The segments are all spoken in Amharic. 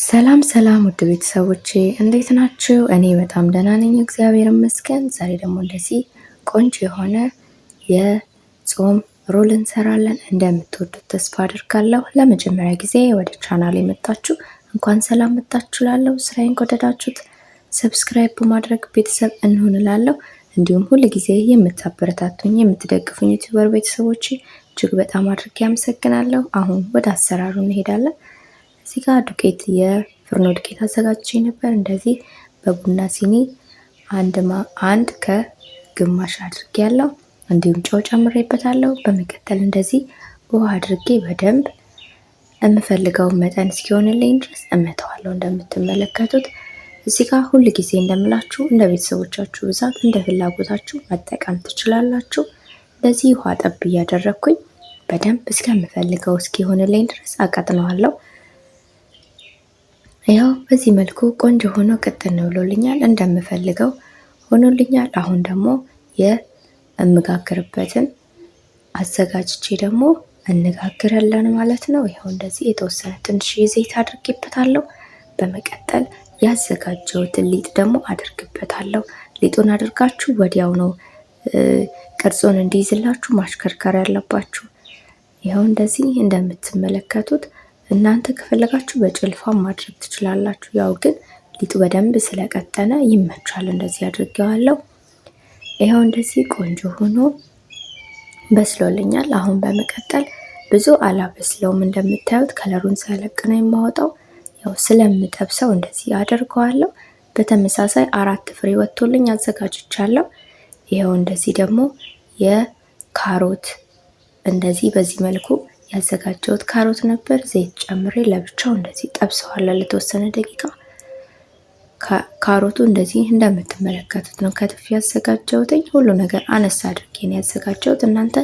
ሰላም ሰላም ውድ ቤተሰቦቼ እንዴት ናችሁ? እኔ በጣም ደህና ነኝ፣ እግዚአብሔር ይመስገን። ዛሬ ደግሞ እንደዚህ ቆንጆ የሆነ የጾም ሮል እንሰራለን። እንደምትወዱት ተስፋ አድርጋለሁ። ለመጀመሪያ ጊዜ ወደ ቻናል የመጣችሁ እንኳን ሰላም መጣችሁ ላለሁ። ስራዬን ከወደዳችሁት ሰብስክራይብ በማድረግ ቤተሰብ እንሆንላለሁ። እንዲሁም ሁል ጊዜ የምታበረታቱኝ የምትደግፉኝ ዩቲዩበር ቤተሰቦች እጅግ በጣም አድርጌ ያመሰግናለሁ። አሁን ወደ አሰራሩ እንሄዳለን። እዚህ ጋር ዱቄት የፍርኖ ዱቄት አዘጋጅቼ ነበር። እንደዚህ በቡና ሲኒ አንድ አንድ ከግማሽ አድርጌ ያለው እንዲሁም ጨው ጨምሬበታለሁ። በመቀጠል እንደዚህ ውሃ አድርጌ በደንብ የምፈልገውን መጠን እስኪሆንልኝ ድረስ እመተዋለሁ። እንደምትመለከቱት እዚህ ጋር ሁል ጊዜ እንደምላችሁ እንደ ቤተሰቦቻችሁ ብዛት እንደ ፍላጎታችሁ መጠቀም ትችላላችሁ። እንደዚህ ውሃ ጠብ እያደረግኩኝ በደንብ እስከምፈልገው እስኪሆንልኝ ድረስ አቀጥነዋለሁ። ያው በዚህ መልኩ ቆንጆ ሆኖ ቅጥን ብሎልኛል፣ እንደምፈልገው ሆኖልኛል። አሁን ደግሞ የምጋግርበትን አዘጋጅቼ ደግሞ እንጋግራለን ማለት ነው። ይኸው እንደዚህ የተወሰነ ትንሽ ዘይት አድርጌበታለሁ። በመቀጠል ያዘጋጀሁትን ሊጥ ደግሞ አድርግበታለሁ። ሊጡን አድርጋችሁ ወዲያው ነው ቅርጹን እንዲይዝላችሁ ማሽከርከር ያለባችሁ። ይኸው እንደዚህ እንደምትመለከቱት እናንተ ከፈለጋችሁ በጭልፋ ማድረግ ትችላላችሁ። ያው ግን ሊጡ በደንብ ስለቀጠነ ይመቻል። እንደዚህ አድርጌዋለሁ። ይኸው እንደዚህ ቆንጆ ሆኖ በስሎልኛል። አሁን በመቀጠል ብዙ አላበስለውም። እንደምታዩት ከለሩን ሳለቅ ነው የማወጣው። ያው ስለምጠብሰው እንደዚህ አደርገዋለሁ። በተመሳሳይ አራት ፍሬ ወጥቶልኝ አዘጋጅቻለሁ። ይኸው እንደዚህ ደግሞ የካሮት እንደዚህ በዚህ መልኩ ያዘጋጀሁት ካሮት ነበር። ዘይት ጨምሬ ለብቻው እንደዚህ ጠብሰዋለሁ ለተወሰነ ደቂቃ። ካሮቱ እንደዚህ እንደምትመለከቱት ነው ከትፍ ያዘጋጀሁትኝ። ሁሉ ነገር አነስ አድርጌ ነው ያዘጋጀሁት። እናንተ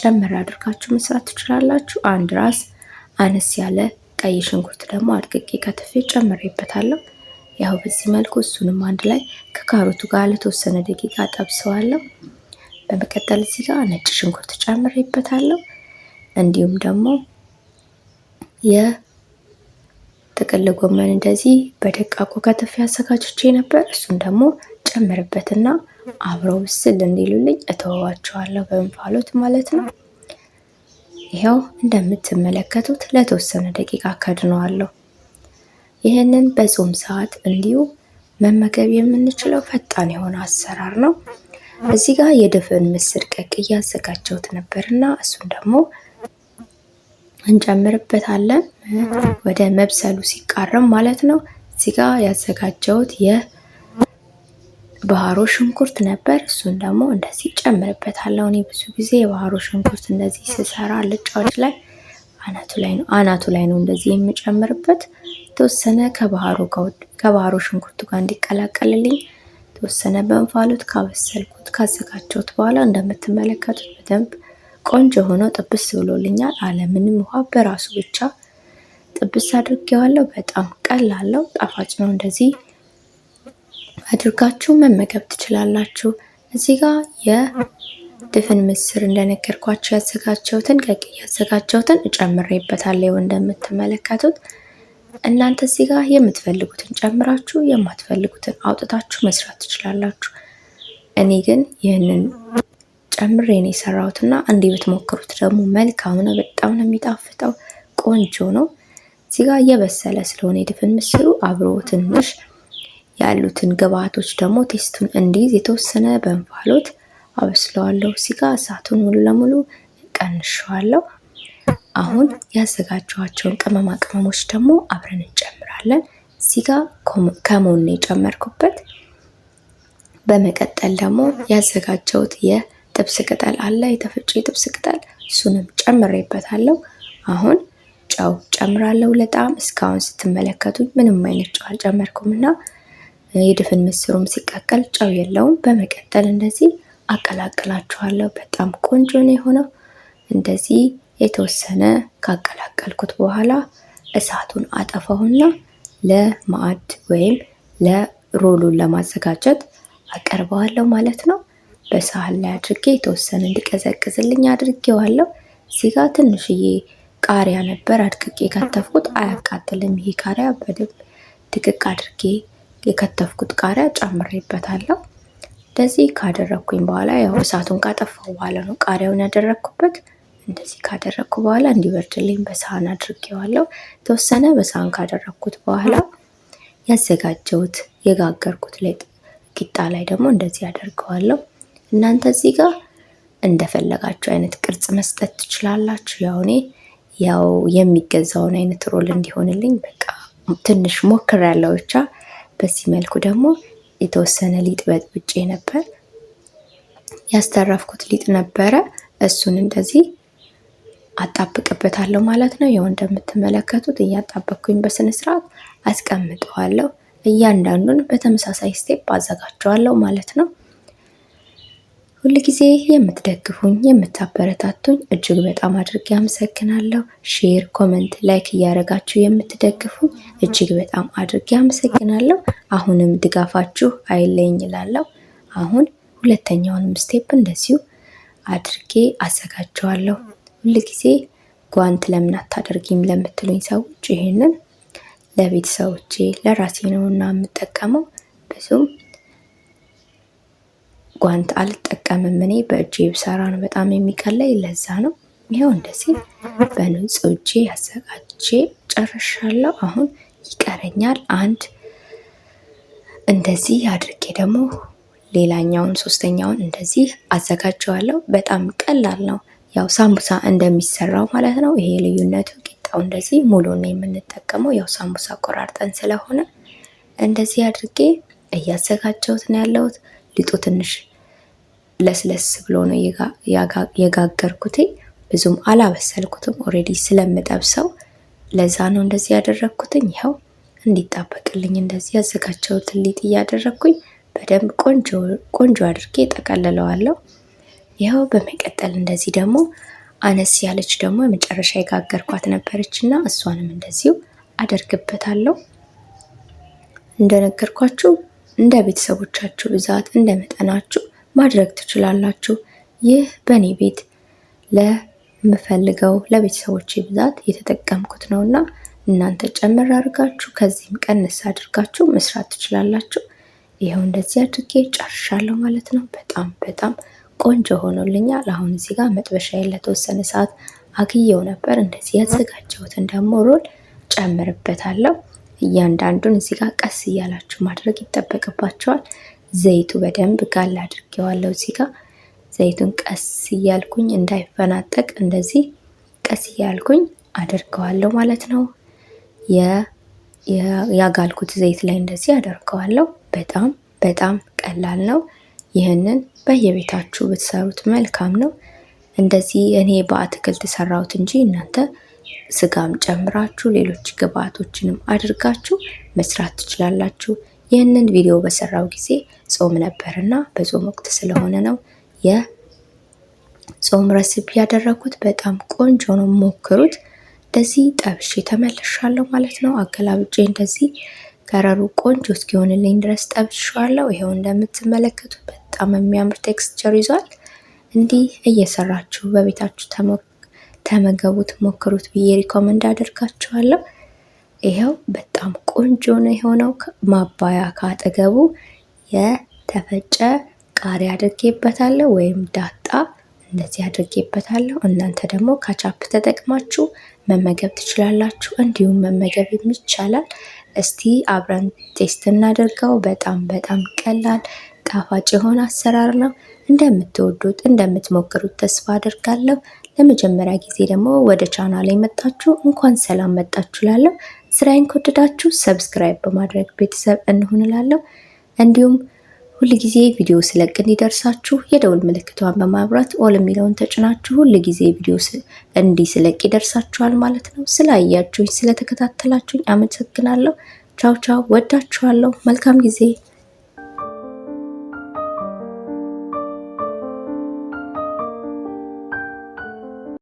ጨምር አድርጋችሁ መስራት ትችላላችሁ። አንድ ራስ አነስ ያለ ቀይ ሽንኩርት ደግሞ አድቅቄ ከትፌ ጨምሬበታለሁ። ያው በዚህ መልኩ እሱንም አንድ ላይ ከካሮቱ ጋር ለተወሰነ ደቂቃ ጠብሰዋለሁ። በመቀጠል እዚህ ጋር ነጭ ሽንኩርት ጨምሬበታለሁ። እንዲሁም ደግሞ የጥቅል ጎመን እንደዚህ በደቃቁ ከተፍ ያዘጋጅቼ ነበር። እሱን ደግሞ ጨምርበትና አብረው ብስል እንዲሉልኝ እተወዋቸዋለሁ በእንፋሎት ማለት ነው። ይኸው እንደምትመለከቱት ለተወሰነ ደቂቃ ከድነዋለሁ። ይህንን በጾም ሰዓት እንዲሁ መመገብ የምንችለው ፈጣን የሆነ አሰራር ነው። እዚህ ጋር የድፍን ምስር ቀቅ እያዘጋጀሁት ነበርና እሱን ደግሞ እንጨምርበታለን ወደ መብሰሉ ሲቃረም ማለት ነው። እዚህ ጋር ያዘጋጀሁት የባህሮ ሽንኩርት ነበር። እሱን ደግሞ እንደዚህ ጨምርበታለሁ። እኔ ብዙ ጊዜ የባህሮ ሽንኩርት እንደዚህ ስሰራ አልጫዎች ላይ አናቱ ላይ ነው አናቱ ላይ ነው እንደዚህ የምጨምርበት የተወሰነ ከባህሮ ከባህሮ ሽንኩርቱ ጋር እንዲቀላቀልልኝ የተወሰነ በእንፋሎት ካበሰልኩት ካዘጋጀሁት በኋላ እንደምትመለከቱት በደንብ ቆንጆ ሆኖ ጥብስ ብሎልኛል። ምንም ውሃ በራሱ ብቻ ጥብስ አድርጌዋለሁ። በጣም ቀላል ጣፋጭ ነው። እንደዚህ አድርጋችሁ መመገብ ትችላላችሁ። እዚህ ጋር የድፍን ምስር እንደነገርኳቸው ያዘጋጀሁትን ቀቅዬ ያዘጋጀሁትን እጨምሬበታለሁ እንደምትመለከቱት። እናንተ እዚህ ጋር የምትፈልጉትን ጨምራችሁ የማትፈልጉትን አውጥታችሁ መስራት ትችላላችሁ። እኔ ግን ይህንን ጨምሬ ነው የሰራሁት እና እንዲህ ብትሞክሩት ደግሞ መልካም ነው። በጣም ነው የሚጣፍጠው፣ ቆንጆ ነው። እዚህ ጋር እየበሰለ ስለሆነ የድፍን ምስሉ አብሮ ትንሽ ያሉትን ግብአቶች ደግሞ ቴስቱን እንዲይዝ የተወሰነ በእንፋሎት አብስለዋለሁ። እዚህ ጋር እሳቱን ሙሉ ለሙሉ ቀንሸዋለሁ። አሁን ያዘጋጀኋቸውን ቅመማ ቅመሞች ደግሞ አብረን እንጨምራለን። እዚህ ጋር ከሞን የጨመርኩበት በመቀጠል ደግሞ ያዘጋጀሁት የ ጥብስ ቅጠል አለ፣ የተፈጨ ጥብስ ቅጠል እሱንም ጨምሬበታለሁ። አሁን ጨው ጨምራለሁ ለጣም እስካሁን ስትመለከቱኝ ምንም አይነት ጨው አልጨመርኩም እና የድፍን ምስሩም ሲቀቀል ጨው የለውም። በመቀጠል እንደዚህ አቀላቅላችኋለሁ። በጣም ቆንጆ ነው የሆነው። እንደዚህ የተወሰነ ካቀላቀልኩት በኋላ እሳቱን አጠፋውና ለማዕድ ወይም ለሮሉን ለማዘጋጀት አቀርበዋለሁ ማለት ነው። በሳህን ላይ አድርጌ የተወሰነ እንዲቀዘቅዝልኝ አድርጌዋለሁ። እዚህ ጋር ትንሽዬ ቃሪያ ነበር አድቅቄ የከተፍኩት። አያቃጥልም ይሄ ቃሪያ። በደንብ ድቅቅ አድርጌ የከተፍኩት ቃሪያ ጨምሬበታለሁ። እንደዚህ ካደረግኩኝ በኋላ ያው እሳቱን ካጠፋው በኋላ ነው ቃሪያውን ያደረግኩበት። እንደዚህ ካደረግኩ በኋላ እንዲበርድልኝ በሳህን አድርጌዋለሁ። የተወሰነ በሳህን ካደረግኩት በኋላ ያዘጋጀሁት የጋገርኩት ቂጣ ላይ ደግሞ እንደዚህ አደርገዋለሁ። እናንተ እዚህ ጋር እንደፈለጋችሁ አይነት ቅርጽ መስጠት ትችላላችሁ። ያው እኔ ያው የሚገዛውን አይነት ሮል እንዲሆንልኝ በቃ ትንሽ ሞክር ያለው ብቻ። በዚህ መልኩ ደግሞ የተወሰነ ሊጥ በጥብጬ ነበር ያስተረፍኩት ሊጥ ነበረ። እሱን እንደዚህ አጣብቅበታለሁ ማለት ነው። ያው እንደምትመለከቱት እያጣበኩኝ በስነ አስቀምጠዋለሁ። እያንዳንዱን በተመሳሳይ ስቴፕ አዘጋጀዋለሁ ማለት ነው። ሁልጊዜ የምትደግፉኝ የምታበረታቱኝ እጅግ በጣም አድርጌ አመሰግናለሁ። ሼር፣ ኮመንት፣ ላይክ እያደረጋችሁ የምትደግፉኝ እጅግ በጣም አድርጌ አመሰግናለሁ። አሁንም ድጋፋችሁ አይለኝ እላለሁ። አሁን ሁለተኛውንም ስቴፕ እንደዚሁ አድርጌ አዘጋጀዋለሁ። ሁልጊዜ ጓንት ለምን አታደርጊም ለምትሉኝ ሰዎች ይህንን ለቤተሰቦቼ ለራሴ ነውና የምጠቀመው ብዙም ጓንት አልጠቀምም እኔ በእጄ ብሰራ ነው በጣም የሚቀለኝ። ለዛ ነው ይኸው እንደዚህ በንጹህ እጄ ያዘጋጅቼ ጨርሻለሁ። አሁን ይቀረኛል አንድ እንደዚህ አድርጌ ደግሞ ሌላኛውን ሶስተኛውን እንደዚህ አዘጋጀዋለሁ። በጣም ቀላል ነው። ያው ሳምቡሳ እንደሚሰራው ማለት ነው። ይሄ ልዩነቱ ቂጣው እንደዚህ ሙሉ ነው የምንጠቀመው፣ ያው ሳምቡሳ ቆራርጠን ስለሆነ እንደዚህ አድርጌ እያዘጋጀሁት ነው ያለሁት። ሊጡ ትንሽ ለስለስ ብሎ ነው የጋገርኩት። ብዙም አላበሰልኩትም ኦሬዲ ስለምጠብሰው ለዛ ነው እንደዚህ ያደረግኩትኝ። ይኸው እንዲጣበቅልኝ እንደዚህ ያዘጋጀሁትን ሊጥ እያደረግኩኝ በደንብ ቆንጆ አድርጌ ጠቀልለዋለሁ። ይኸው በመቀጠል እንደዚህ ደግሞ አነስ ያለች ደግሞ የመጨረሻ የጋገርኳት ነበረች እና እሷንም እንደዚሁ አደርግበታለሁ። እንደነገርኳችሁ እንደ ቤተሰቦቻችሁ ብዛት እንደ መጠናችሁ ማድረግ ትችላላችሁ። ይህ በእኔ ቤት ለምፈልገው ለቤተሰቦች ብዛት የተጠቀምኩት ነውና እናንተ ጨምር አድርጋችሁ ከዚህም ቀንስ አድርጋችሁ መስራት ትችላላችሁ። ይኸው እንደዚህ አድርጌ ጨርሻለሁ ማለት ነው። በጣም በጣም ቆንጆ ሆኖልኛል። አሁን እዚህ ጋር መጥበሻዬን ለተወሰነ ሰዓት አግየው ነበር። እንደዚህ ያዘጋጀሁትን ደግሞ ሮል ጨምርበታለሁ። እያንዳንዱን እዚህ ጋር ቀስ እያላችሁ ማድረግ ይጠበቅባቸዋል። ዘይቱ በደንብ ጋል አድርጌዋለሁ። እዚህ ጋር ዘይቱን ቀስ እያልኩኝ እንዳይፈናጠቅ እንደዚህ ቀስ እያልኩኝ አድርገዋለሁ ማለት ነው። ያጋልኩት ዘይት ላይ እንደዚህ አደርገዋለሁ። በጣም በጣም ቀላል ነው። ይህንን በየቤታችሁ ብትሰሩት መልካም ነው። እንደዚህ እኔ በአትክልት ሰራሁት እንጂ እናንተ ስጋም ጨምራችሁ ሌሎች ግብአቶችንም አድርጋችሁ መስራት ትችላላችሁ። ይህንን ቪዲዮ በሰራው ጊዜ ጾም ነበርና በጾም ወቅት ስለሆነ ነው የጾም ረስብ ያደረኩት። በጣም ቆንጆ ነው፣ ሞክሩት። እንደዚህ ጠብሼ ተመልሻለሁ ማለት ነው። አገላብጬ እንደዚህ ከረሩ ቆንጆ እስኪሆንልኝ ድረስ ጠብሼዋለሁ። ይሄው እንደምትመለከቱት በጣም የሚያምር ቴክስቸር ይዟል። እንዲህ እየሰራችሁ በቤታችሁ ተመገቡት፣ ሞክሩት ብዬ ሪኮመንድ አደርጋችኋለሁ። ይኸው በጣም ቆንጆ ነው የሆነው። ማባያ ካጠገቡ የተፈጨ ቃሪያ አድርጌበታለሁ ወይም ዳጣ እንደዚህ አድርጌበታለሁ። እናንተ ደግሞ ካቻፕ ተጠቅማችሁ መመገብ ትችላላችሁ፣ እንዲሁም መመገብ ይቻላል። እስቲ አብረን ቴስት እናደርገው። በጣም በጣም ቀላል ጣፋጭ የሆነ አሰራር ነው። እንደምትወዱት እንደምትሞክሩት ተስፋ አድርጋለሁ። ለመጀመሪያ ጊዜ ደግሞ ወደ ቻናል ላይ መጣችሁ እንኳን ሰላም መጣችሁ ላለሁ ስራዬን ከወደዳችሁ ሰብስክራይብ በማድረግ ቤተሰብ እንሆንላለሁ። እንዲሁም እንዲሁም ሁልጊዜ ቪዲዮ ስለቅ እንዲደርሳችሁ የደውል ምልክቷን በማብራት ኦል የሚለውን ተጭናችሁ ሁልጊዜ ቪዲዮ እንዲህ ስለቅ ይደርሳችኋል ማለት ነው። ስላያችሁኝ፣ ስለተከታተላችሁኝ አመሰግናለሁ። ቻው ቻው። ወዳችኋለሁ። መልካም ጊዜ